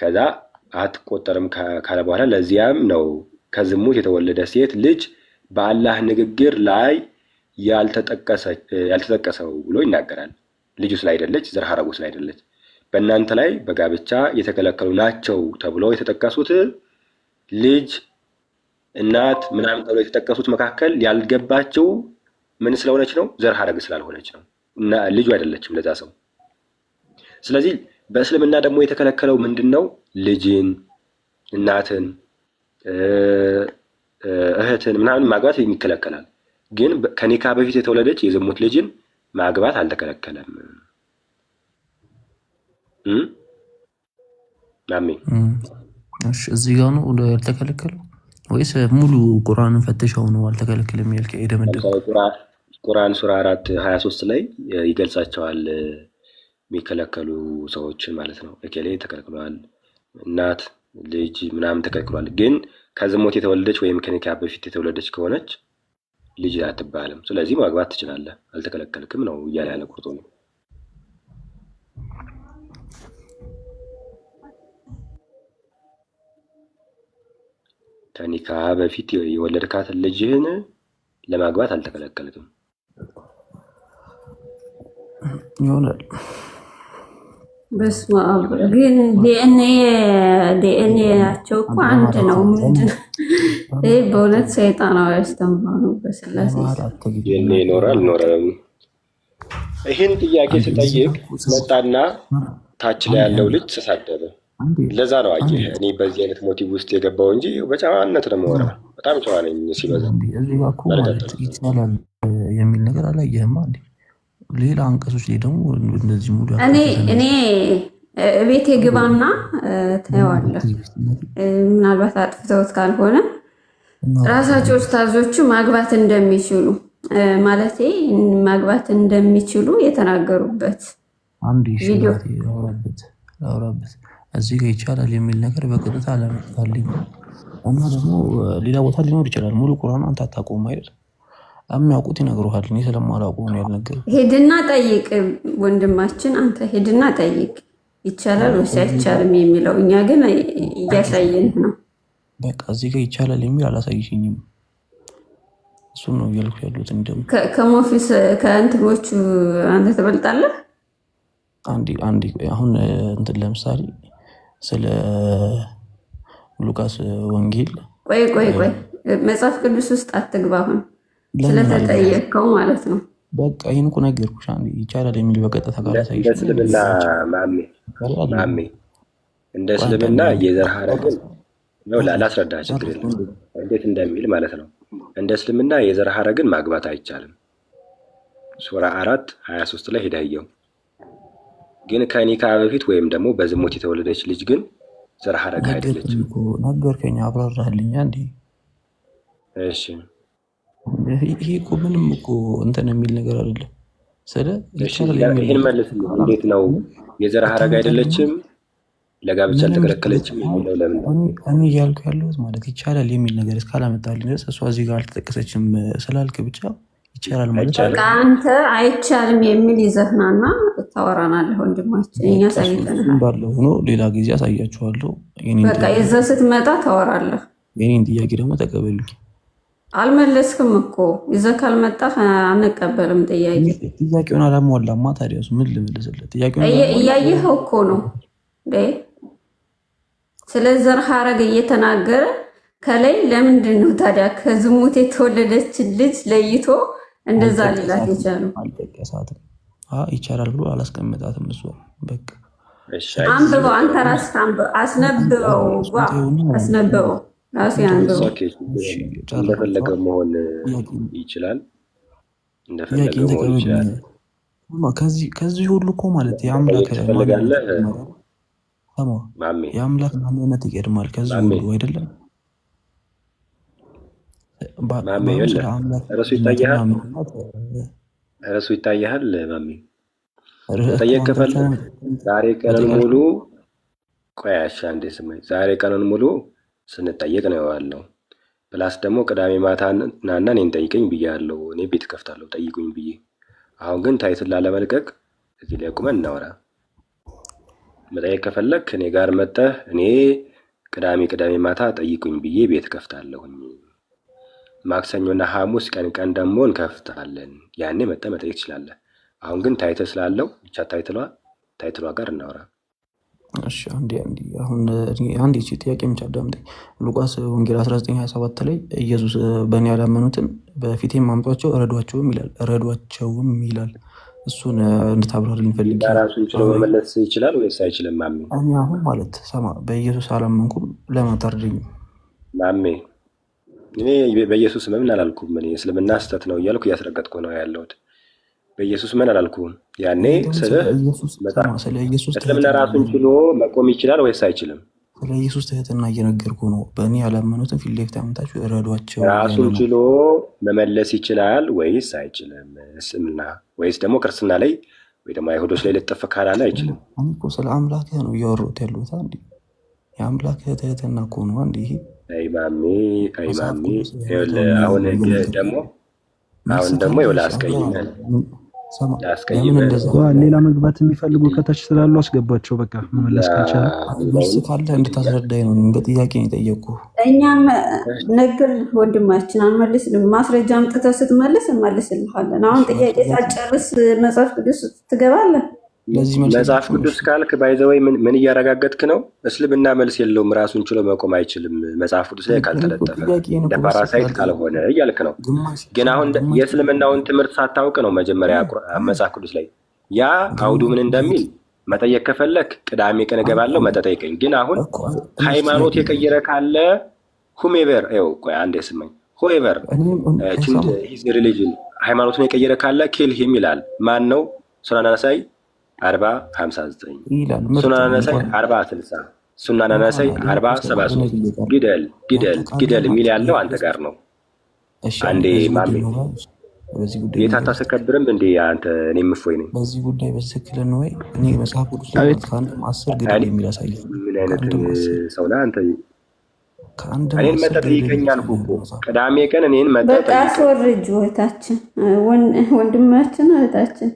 ከዛ አትቆጠርም ካለ በኋላ ለዚያም ነው ከዝሙት የተወለደ ሴት ልጅ በአላህ ንግግር ላይ ያልተጠቀሰው ብሎ ይናገራል። ልጁ ስላይደለች፣ ዘር ሐረጉ ስላይደለች በእናንተ ላይ በጋብቻ የተከለከሉ ናቸው ተብሎ የተጠቀሱት ልጅ፣ እናት ምናምን ተብሎ የተጠቀሱት መካከል ያልገባቸው ምን ስለሆነች ነው? ዘር ሐረግ ስላልሆነች ነው። እና ልጁ አይደለችም ለዛ ሰው ስለዚህ በእስልምና ደግሞ የተከለከለው ምንድን ነው? ልጅን፣ እናትን፣ እህትን ምናምን ማግባት ይከለከላል። ግን ከኒካ በፊት የተወለደች የዝሙት ልጅን ማግባት አልተከለከለም። ማሜ እዚህ ጋ ነው ያልተከለከለው ወይስ ሙሉ ቁርአንን ፈትሸው ነው አልተከለከለም ያልከ? ቁርአን ሱራ አራት ሀያ ሶስት ላይ ይገልጻቸዋል የሚከለከሉ ሰዎችን ማለት ነው። እኬሌ ተከልክሏል፣ እናት ልጅ ምናምን ተከልክሏል። ግን ከዝሞት የተወለደች ወይም ከኒካ በፊት የተወለደች ከሆነች ልጅ አትባልም። ስለዚህ ማግባት ትችላለህ፣ አልተከለከልክም ነው እያለ ያለ ቁርጡ ነው። በፊት የወለድካት ልጅህን ለማግባት አልተከለከልክም ይሆናል። በስመ አብ ግን ዲኤንኤ ዲኤንኤ ናቸው እኮ አንድ ነው። ምንድን ይህ በእውነት ሰይጣናዊ ያስተምራ ነው። በስላሴ ዲኤንኤ ይኖራል አልኖረም። ይህን ጥያቄ ስጠይቅ መጣና ታች ላይ ያለው ልጅ ተሳደበ። ለዛ ነው አየህ፣ እኔ በዚህ አይነት ሞቲቭ ውስጥ የገባው እንጂ በጨዋነት ነው መወራ። በጣም ጨዋ ነኝ ሲበዛ የሚል ነገር አላየህማ እንዴ ሌላ አንቀሶች ላይ ደግሞ እንደዚህ ሙሉ እኔ ቤቴ ግባና ታየዋለህ። ምናልባት አጥፍተውት ካልሆነ ራሳቸው ኡስታዞቹ ማግባት እንደሚችሉ ማለት ማግባት እንደሚችሉ የተናገሩበት አንዱ ራበት እዚህ ጋር ይቻላል የሚል ነገር በቅጥታ አለመጣልኝ እና ደግሞ ሌላ ቦታ ሊኖር ይችላል። ሙሉ ቁርአን አንተ አታውቀውም አይደል? የሚያውቁት ይነግሩሃል። እኔ ስለማላውቀው ነው ያልነገረኝ። ሄድና ጠይቅ ወንድማችን፣ አንተ ሄድና ጠይቅ ይቻላል ወይስ አይቻልም የሚለው። እኛ ግን እያሳየን ነው። በቃ እዚህ ጋር ይቻላል የሚል አላሳይሽኝም። እሱ ነው እያልኩ ያሉት። እንደውም ከሞፊስ ከእንትኖቹ አንተ ትበልጣለህ። አሁን እንትን ለምሳሌ ስለ ሉቃስ ወንጌል ቆይ ቆይ ቆይ መጽሐፍ ቅዱስ ውስጥ አትግባ አሁን ስለተጠየቅከው ማለት ነው። በቃ ይህን እኮ ነገርኩሽ። ይቻላል የሚል በቀጥታ እስልምና ማሜ ማሜ እንደ እስልምና የዘር ሐረግን ላስረዳ ችግር የለም እንዴት እንደሚል ማለት ነው። እንደ እስልምና የዘር ሐረግን ማግባት አይቻልም። ሱራ አራት ሀያ ሶስት ላይ ሄዳየው ግን ከኒካ በፊት ወይም ደግሞ በዝሙት የተወለደች ልጅ ግን ዘር ሐረግ አይደለችም። ነገርከኝ፣ አብራራልኛ እሺ ይሄ እኮ ምንም እኮ እንትን የሚል ነገር አይደለም። ስለ ይህን መልስልኝ። እንዴት ነው የዘር ሀረግ አይደለችም፣ ለጋብቻ አልተከለከለችም የሚለው ለምን እኔ እያልኩ ያለሁት ማለት ይቻላል የሚል ነገር እስካላመጣልኝ ድረስ እሷ እዚህ ጋር አልተጠቀሰችም ስላልክ ብቻ ይቻላል ማለት አንተ አይቻልም የሚል ይዘህናና ታወራናለህ። ወንድማችን እኛ ሳይተናል ሆኖ ሌላ ጊዜ አሳያችኋለሁ። በቃ የዛ ስትመጣ ታወራለህ። የኔን ጥያቄ ደግሞ ተቀበሉኝ። አልመለስክም እኮ ይዘህ ካልመጣህ አንቀበልም። ጥያቄ ጥያቄውን አላሟላማ። ታዲያ ምን ልመልስልህ? እያየኸው እኮ ነው። ስለ ዘር ሐረግ እየተናገረ ከላይ ለምንድን ነው ታዲያ ከዝሙት የተወለደችን ልጅ ለይቶ እንደዛ ሌላት የቻሉ ይቻላል ብሎ አላስቀምጣትም። እሱ በቃ አንብበው፣ አንተ ራስህ አስነብበው፣ አስነብበው እንደፈለገ መሆን ይችላል። ከዚህ ሁሉ እኮ ማለት የአምላክ ማንነት ይቀድማል። ከዚህ ሁሉ አይደለም እርሱ ይታያል። ማሜ መጠየቅ ከፈለግ ዛሬ ቀንን ሙሉ ቆያሻ እንዴ ስማኝ፣ ዛሬ ቀንን ሙሉ ስንጠየቅ ነው ያለው። ፕላስ ደግሞ ቅዳሜ ማታ ናና እኔን ጠይቀኝ ብዬ አለው። እኔ ቤት ከፍታለሁ ጠይቁኝ ብዬ። አሁን ግን ታይትል ላለመልቀቅ እዚህ ላይ ቁመን እናወራ። መጠየቅ ከፈለግ እኔ ጋር መጠህ እኔ ቅዳሜ ቅዳሜ ማታ ጠይቁኝ ብዬ ቤት ከፍታለሁኝ። ማክሰኞና ሐሙስ ቀን ቀን ደግሞ እንከፍታለን። ያኔ መጠ መጠየቅ ትችላለህ። አሁን ግን ታይትል ስላለው ብቻ ታይትሏ ታይትሏ ጋር እናወራ። አንድ ቺ ጥያቄ ብቻ አዳምጠኝ። ሉቃስ ወንጌል 1927 ላይ ኢየሱስ በእኔ ያላመኑትን በፊቴም አምጧቸው ረዷቸውም ይላል ረዷቸውም ይላል። እሱን እንድታብራር ፈልጌ መመለስ ይችላል ወይስ አይችልም? ማሜ እኔ አሁን ማለት ሰማ በኢየሱስ አላመንኩም ለማታርድኝ ማሜ እኔ በኢየሱስ ምምን አላልኩም። እኔ እስልምና ስህተት ነው እያልኩ እያስረገጥኩ ነው ያለሁት። በኢየሱስ መን አላልኩም። ያኔ ስለ ራሱን ችሎ መቆም ይችላል ወይስ አይችልም? ስለ ኢየሱስ ትህትና እየነገርኩ ነው። በእኔ ያላመኑትን ፊት ለፊት አምጣችሁ እረዷቸው። ራሱን ችሎ መመለስ ይችላል ወይስ አይችልም? እስልምና ወይስ ደግሞ ክርስትና ላይ ወይ ደግሞ አይሁዶች ላይ ልጠፍ ካላለ አይችልም። ስለ አምላክህ ነው እያወራሁት ያሉት። አንድ የአምላክህ ትህትና እኮ ነው። አንድ ይሄ አይማሜ አይማሜ። አሁን ደግሞ አሁን ደግሞ ይኸውልህ አስቀይመህ ሌላ መግባት የሚፈልጉ ከታች ስላሉ አስገባቸው። በቃ መመለስ ካልቻለ ካለ እንድታስረዳኝ ነው። በጥያቄ የጠየቁ። እኛም ነገር ወንድማችን አንመልስ ማስረጃ አምጥተህ ስትመልስ እንመልስልሃለን። አሁን ጥያቄ ሳጨርስ መጽሐፍ ቅዱስ ትገባለህ። መጽሐፍ ቅዱስ ካልክ ባይዘወይ ምን እያረጋገጥክ ነው? እስልምና መልስ የለውም፣ ራሱን ችሎ መቆም አይችልም። መጽሐፍ ቅዱስ ላይ ካልተለጠፈ እንደ ፓራሳይት ካልሆነ እያልክ ነው። ግን አሁን የእስልምናውን ትምህርት ሳታውቅ ነው መጀመሪያ መጽሐፍ ቅዱስ ላይ ያ አውዱ ምን እንደሚል መጠየቅ ከፈለክ ቅዳሜ ቀን እገባለሁ መጠጠይቀኝ። ግን አሁን ሃይማኖት የቀየረ ካለ ሁሜቨር ቆይ አንዴ ስመኝ ሁኤቨር ሪሊጅን ሃይማኖቱን የቀየረ ካለ ኬልሂም ይላል። ማን ነው? ሱናናሳይ አርባ ሀምሳ ዘጠኝ አርባ ሰባ ሶስት ግደል ግደል ግደል የሚል ያለው አንተ ጋር ነው። አንዴ ማሜ ጌታ አታስከብርም እንዴ አንተ? እኔ ነኝ በዚህ ጉዳይ ወይ? እኔ መጽሐፍ ቅዱስ አስር ግደል የሚል ያሳያል። ምን አይነት ሰው ነህ አንተ? እኔን ቅዳሜ ቀን እኔን እህታችን ወንድማችን እህታችን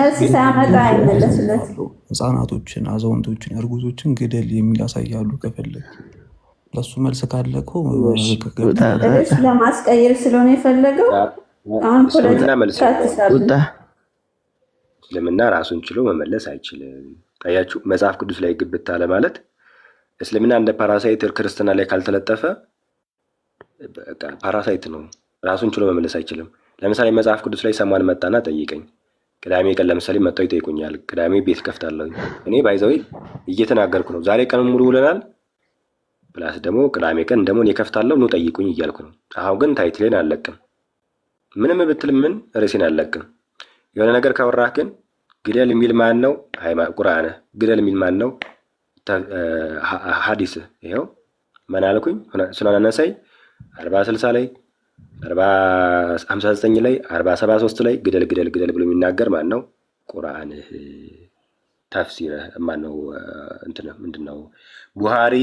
መልስ ሳመጣ አይመለስለት። ህፃናቶችን፣ አዛውንቶችን፣ እርጉዞችን ግደል የሚል ያሳያሉ። ከፈለግ ለሱ መልስ ካለ እኮ ለማስቀየር ስለሆነ የፈለገው አሁን ፖለቲካ እስልምና ራሱን ችሎ መመለስ አይችልም። ታያችሁ መጽሐፍ ቅዱስ ላይ ግብታ ለማለት እስልምና እንደ ፓራሳይት ክርስትና ላይ ካልተለጠፈ ፓራሳይት ነው፣ ራሱን ችሎ መመለስ አይችልም። ለምሳሌ መጽሐፍ ቅዱስ ላይ ሰማን መጣና ጠይቀኝ ቅዳሜ ቀን ለምሳሌ መጥተው ይጠይቁኛል። ቅዳሜ ቤት ከፍታለሁ እኔ ባይዘዌ እየተናገርኩ ነው። ዛሬ ቀን ሙሉ ውለናል። ፕላስ ደግሞ ቅዳሜ ቀን ደግሞ እኔ ከፍታለሁ ኑ ጠይቁኝ እያልኩ ነው። አሁን ግን ታይትሌን አለቅም፣ ምንም ብትል ምን ርዕሴን አለቅም። የሆነ ነገር ካወራህ ግን ግደል የሚል ማን ነው? ቁርአንህ ግደል የሚል ማን ነው? ሀዲስ ይኸው ምን አልኩኝ? ሱናን አነሳይ አርባ ስልሳ ላይ አርባ ሀምሳ ዘጠኝ ላይ አርባ ሰባ ሶስት ላይ ግደል ግደል ግደል ብሎ የሚናገር ማን ነው? ቁርአንህ ተፍሲረህ ማነው? እንትን ምንድን ነው? ቡሃሪ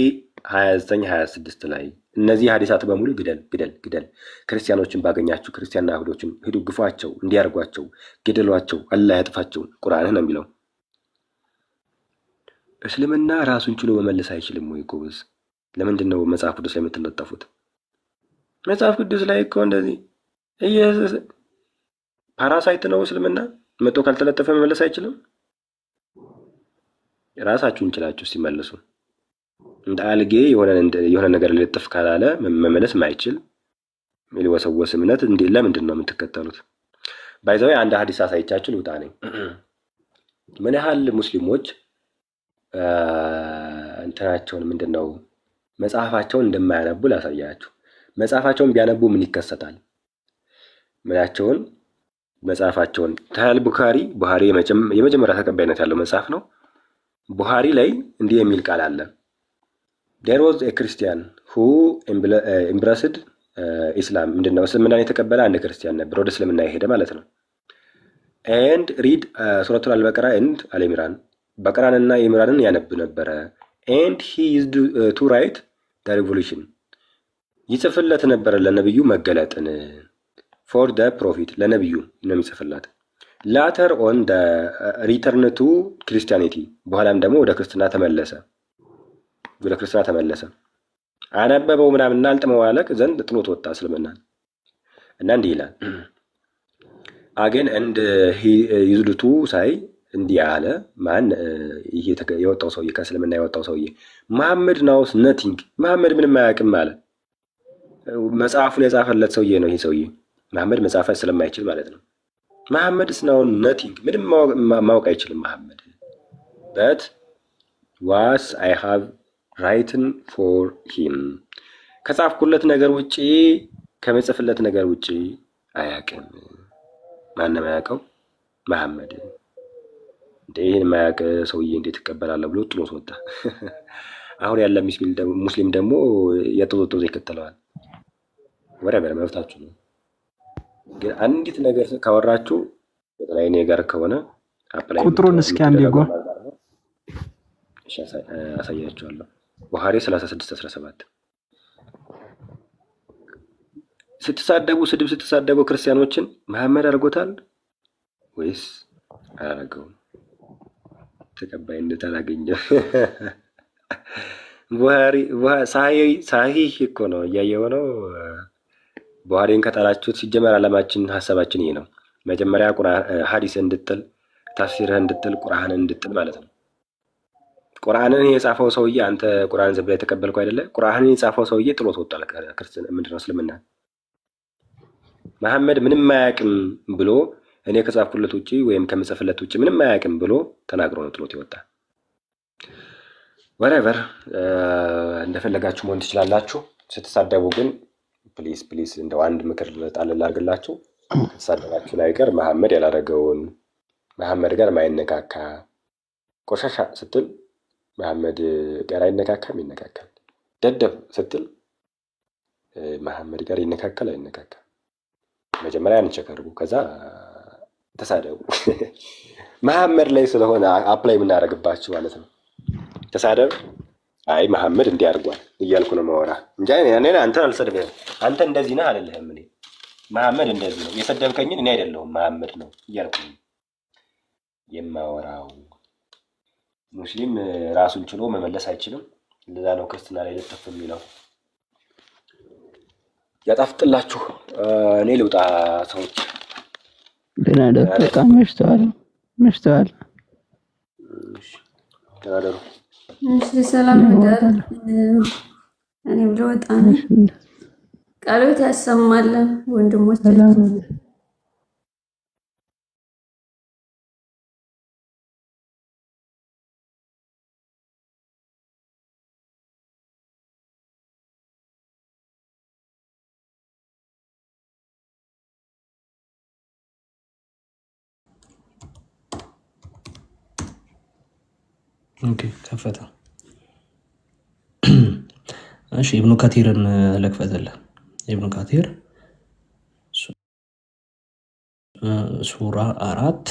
ሀያ ዘጠኝ ሀያ ስድስት ላይ እነዚህ ሀዲሳት በሙሉ ግደል ግደል ግደል፣ ክርስቲያኖችን ባገኛችሁ ክርስቲያንና አይሁዶችን ሂዱ፣ ግፏቸው፣ እንዲያርጓቸው፣ ግደሏቸው፣ አላህ ያጥፋቸው። ቁርአንህ ነው የሚለው እስልምና ራሱን ችሎ መመለስ አይችልም ወይ? ጎበዝ፣ ለምንድን ነው መጽሐፍ ቅዱስ ላይ የምትለጠፉት? መጽሐፍ ቅዱስ ላይ እኮ እንደዚህ ፓራሳይት ነው እስልምና። መጥቶ ካልተለጠፈ መመለስ አይችልም። ራሳችሁ እንችላችሁ ሲመለሱ እንደ አልጌ የሆነ ነገር ልጥፍ ካላለ መመለስ ማይችል የሚወሰወስ እምነት እንዴ ለምንድን ነው የምትከተሉት? ባይዘው አንድ ሀዲስ አሳይቻችሁ ልውጣ ነኝ። ምን ያህል ሙስሊሞች እንትናቸውን ምንድን ነው መጽሐፋቸውን እንደማያነቡ ላሳያችሁ። መጽሐፋቸውን ቢያነቡ ምን ይከሰታል? ምናቸውን መጽሐፋቸውን ታያል። ቡካሪ ቡኻሪ የመጀመሪያ ተቀባይነት ያለው መጽሐፍ ነው። ቡሃሪ ላይ እንዲህ የሚል ቃል አለ። ዴር ዋዝ ኤ ክርስቲያን ሁ ኢምብረስድ ኢስላም ምንድን ነው እስልምናን የተቀበለ አንድ ክርስቲያን ነበር፣ ወደ እስልምና የሄደ ማለት ነው። ኤንድ ሪድ ሱረቱል አልበቀራ ኤንድ አልኢምራን በቅራንና የምራንን ያነብ ነበረ። ኤንድ ሂ ዩዝድ ቱ ራይት ደ ሪቮሉሽን ይጽፍለት ነበረ ለነብዩ መገለጥን ፎር ደ ፕሮፊት ለነብዩ ነው የሚጽፍላት። ላተር ኦን ደ ሪተርን ቱ ክርስቲያኒቲ በኋላም ደግሞ ወደ ክርስትና ተመለሰ ወደ ክርስትና ተመለሰ። አነበበው እናልጥመው አለቅ ዘንድ ጥሎት ወጣ እስልምና እና እንዲህ ይላል አገን እንድ ሂ ዩዝድ ቱ ሳይ እንዲህ አለ። ማን ይሄ የወጣው ሰውዬ? ከእስልምና የወጣው ሰውዬ መሐመድ ናውስ ነቲንግ። መሐመድ ምንም አያውቅም አለ። መጽሐፉን የጻፈለት ሰውዬ ነው ይሄ ሰውዬ። መሐመድ መጽሐፍ ስለማይችል ማለት ነው። መሐመድ ስናው ነቲንግ፣ ምንም ማወቅ አይችልም መሐመድ። በት ዋስ አይ ሃቭ ራይትን ፎር ሂም፣ ከጻፍኩለት ነገር ውጪ ከመጽፍለት ነገር ውጪ አያውቅም። ማንም አያውቀው መሐመድ ይህን የማያውቅ ሰውዬ እንዴት ትቀበላለህ ብሎ ጥሎት ወጣ። አሁን ያለ ሙስሊም ደግሞ የጥዞጥዞ ይከተለዋል። ወረበር መብታችሁ ነው፣ ግን አንዲት ነገር ካወራችሁ በተለይ እኔ ጋር ከሆነ ቁጥሩን እስኪ አንድ ጓ አሳያችኋለሁ። ቡሃሪ 3617 ስትሳደቡ ስድብ ስትሳደቡ ክርስቲያኖችን መሐመድ አድርጎታል ወይስ አላደረገውም? ተቀባይነት አላገኘም። ሳሂህ እኮ ነው እያየው ነው። ቡሃሪን ከጣላችሁት ሲጀመር አለማችን ሀሳባችን ይሄ ነው። መጀመሪያ ሀዲስ እንድጥል ታፍሲርህ እንድጥል ቁርአን እንድጥል ማለት ነው። ቁርአንን የጻፈው ሰውዬ አንተ ቁርአን ዘብ ላይ የተቀበልኩ አይደለ? ቁርአንን የጻፈው ሰውዬ ጥሎት ወጣል። ክርስትና ምንድነው እስልምና መሐመድ ምንም አያውቅም ብሎ እኔ ከጻፍኩለት ውጭ ወይም ከምጽፍለት ውጭ ምንም አያውቅም ብሎ ተናግሮ ነው ጥሎት ይወጣ። ወሬቨር እንደፈለጋችሁ መሆን ትችላላችሁ። ስትሳደቡ ግን ፕሊስ ፕሊስ እንደው አንድ ምክር ጣል ላድርግላችሁ። ከተሳደባችሁ ላይ ቀር መሐመድ ያላደረገውን መሐመድ ጋር ማይነካካ ቆሻሻ ስትል መሐመድ ጋር አይነካካም፣ ይነካካል። ደደብ ስትል መሐመድ ጋር ይነካካል፣ አይነካካም። መጀመሪያ አንቸከርቡ ከዛ ተሳደቡ። መሐመድ ላይ ስለሆነ አፕላይ የምናደርግባቸው ማለት ነው። ተሳደብ፣ አይ መሐመድ አድርጓል እያልኩ ነው መወራ እንጂ እኔ አንተን አልሰድብህም። አንተ እንደዚህ ነህ አልልህም። እኔ መሐመድ እንደዚህ ነው የሰደብከኝን እኔ አይደለሁም መሐመድ ነው እያልኩ የማወራው። ሙስሊም ራሱን ችሎ መመለስ አይችልም። እንደዛ ነው ክርስትና ላይ ልጥፍ የሚለው ያጣፍጥላችሁ። እኔ ልውጣ ሰዎች ደህና ደሩ። በቃ መሽተዋል፣ መሽተዋል። ሰላም እኔም ነው። ቃሎት ያሰማለን ወንድሞች። ኦኬ ከፈታ። እሺ ኢብኑ ከቲርን ልክፈትልህ። ኢብኑ ከቲር ሱራ አራት